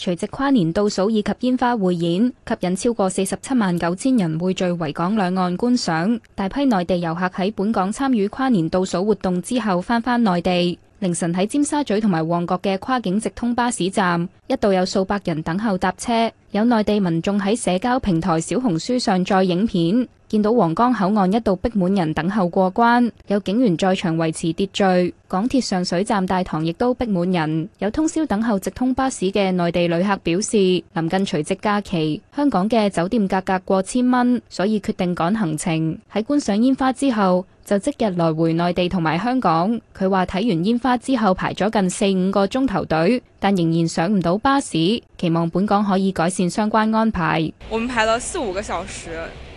除夕跨年倒數以及煙花匯演吸引超過四十七萬九千人匯聚維港兩岸觀賞，大批內地遊客喺本港參與跨年倒數活動之後返返內地。凌晨喺尖沙咀同埋旺角嘅跨境直通巴士站，一度有數百人等候搭車，有內地民眾喺社交平台小紅書上載影片。見到皇崗口岸一度逼滿人等候過關，有警員在場維持秩序。港鐵上水站大堂亦都逼滿人，有通宵等候直通巴士嘅內地旅客表示，臨近除夕假期，香港嘅酒店價格過千蚊，所以決定趕行程。喺觀賞煙花之後，就即日來回內地同埋香港。佢話睇完煙花之後排咗近四五個鐘頭隊，但仍然上唔到巴士，期望本港可以改善相關安排。我們排了四五個小時。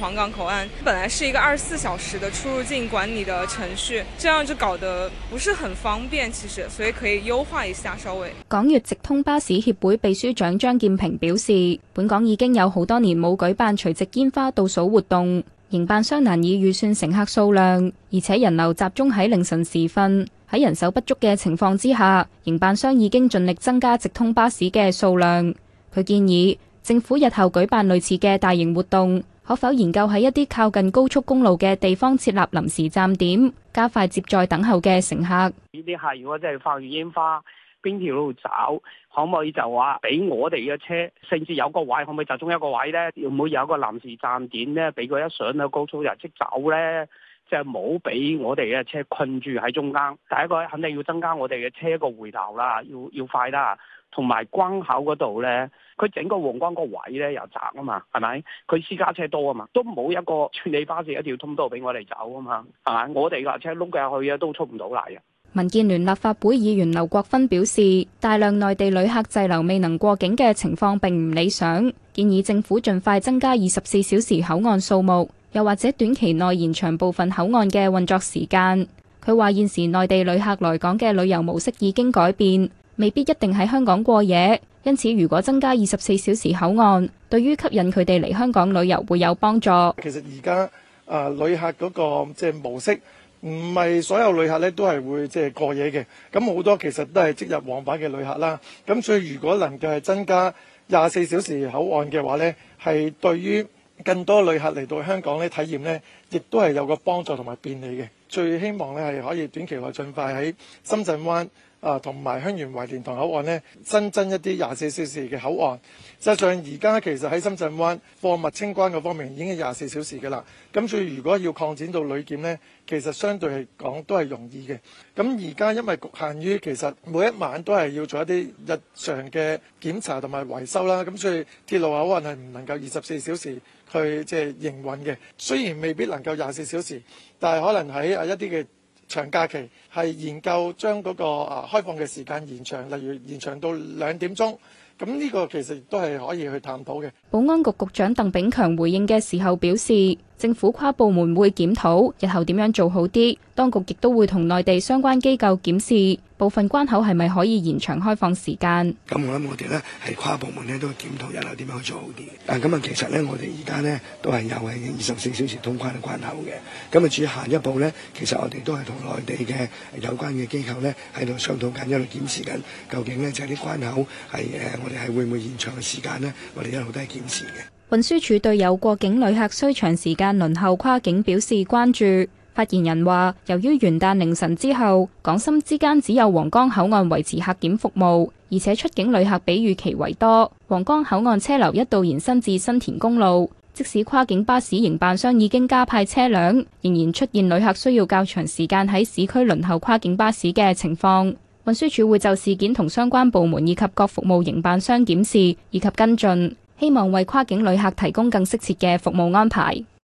皇崗口岸本來是一個二十四小時的出入境管理的程序，這樣就搞得不是很方便。其實，所以可以優化一下。稍微港粵直通巴士協會秘書長張建平表示，本港已經有好多年冇舉辦除夕煙花倒數活動，營辦商難以預算乘客數量，而且人流集中喺凌晨時分，喺人手不足嘅情況之下，營辦商已經盡力增加直通巴士嘅數量。佢建議政府日後舉辦類似嘅大型活動。可否研究喺一啲靠近高速公路嘅地方設立臨時站點，加快接載等候嘅乘客？呢啲客如果真係放完煙花，邊條路走？可唔可以就話俾我哋嘅車，甚至有個位，可唔可以集中一個位咧？會唔會有一個臨時站點咧？俾佢一上到高速就即走咧？就冇俾我哋嘅車困住喺中間。第一個肯定要增加我哋嘅車個回頭啦，要要快啦。同埋關口嗰度呢，佢整個皇崗個位呢又窄啊嘛，係咪？佢私家車多啊嘛，都冇一個處理巴士一條通道俾我哋走啊嘛，係咪？我哋架車碌入去啊，都出唔到嚟啊！民建聯立法會議員劉國勳表示，大量內地旅客滯留未能過境嘅情況並唔理想，建議政府盡快增加二十四小時口岸數目。又或者短期內延長部分口岸嘅運作時間。佢話現時內地旅客來港嘅旅遊模式已經改變，未必一定喺香港過夜。因此，如果增加二十四小時口岸，對於吸引佢哋嚟香港旅遊會有幫助。其實而家啊，旅客嗰個即係模式，唔係所有旅客咧都係會即係過夜嘅。咁好多其實都係即日往返嘅旅客啦。咁所以如果能夠係增加廿四小時口岸嘅話咧，係對於更多旅客嚟到香港體驗呢，體驗呢亦都係有個幫助同埋便利嘅。最希望呢係可以短期內盡快喺深圳灣。啊，鄉原同埋香園圍蓮塘口岸呢，新增一啲廿四小時嘅口岸。實際上，而家其實喺深圳灣貨物清關嘅方面已經係廿四小時嘅啦。咁所以如果要擴展到旅檢呢，其實相對嚟講都係容易嘅。咁而家因為局限於其實每一晚都係要做一啲日常嘅檢查同埋維修啦，咁所以鐵路口岸係唔能夠二十四小時去即係營運嘅。雖然未必能夠廿四小時，但係可能喺啊一啲嘅。長假期係研究將嗰個啊開放嘅時間延長，例如延長到兩點鐘。咁呢個其實都係可以去探討嘅。保安局局長鄧炳強回應嘅時候表示，政府跨部門會檢討日後點樣做好啲，當局亦都會同內地相關機構檢視部分關口係咪可以延長開放時間。咁我諗我哋呢係跨部門呢都檢討日後點樣去做好啲。咁啊其實呢，我哋而家呢都係有係二十四小時通關嘅關口嘅。咁啊至於下一步呢，其實我哋都係同內地嘅有關嘅機構呢喺度商討緊，一路檢視緊究竟呢就係、是、啲關口係誒。我哋係會唔會延長嘅時間呢？我哋一路都係檢視嘅。運輸署對有過境旅客需長時間輪候跨境表示關注。發言人話：由於元旦凌晨之後，港深之間只有皇崗口岸維持客檢服務，而且出境旅客比預期為多。皇崗口岸車流一度延伸至新田公路，即使跨境巴士營辦商已經加派車輛，仍然出現旅客需要較長時間喺市區輪候跨境巴士嘅情況。運輸署會就事件同相關部門以及各服務營辦商檢視以及跟進，希望為跨境旅客提供更適切嘅服務安排。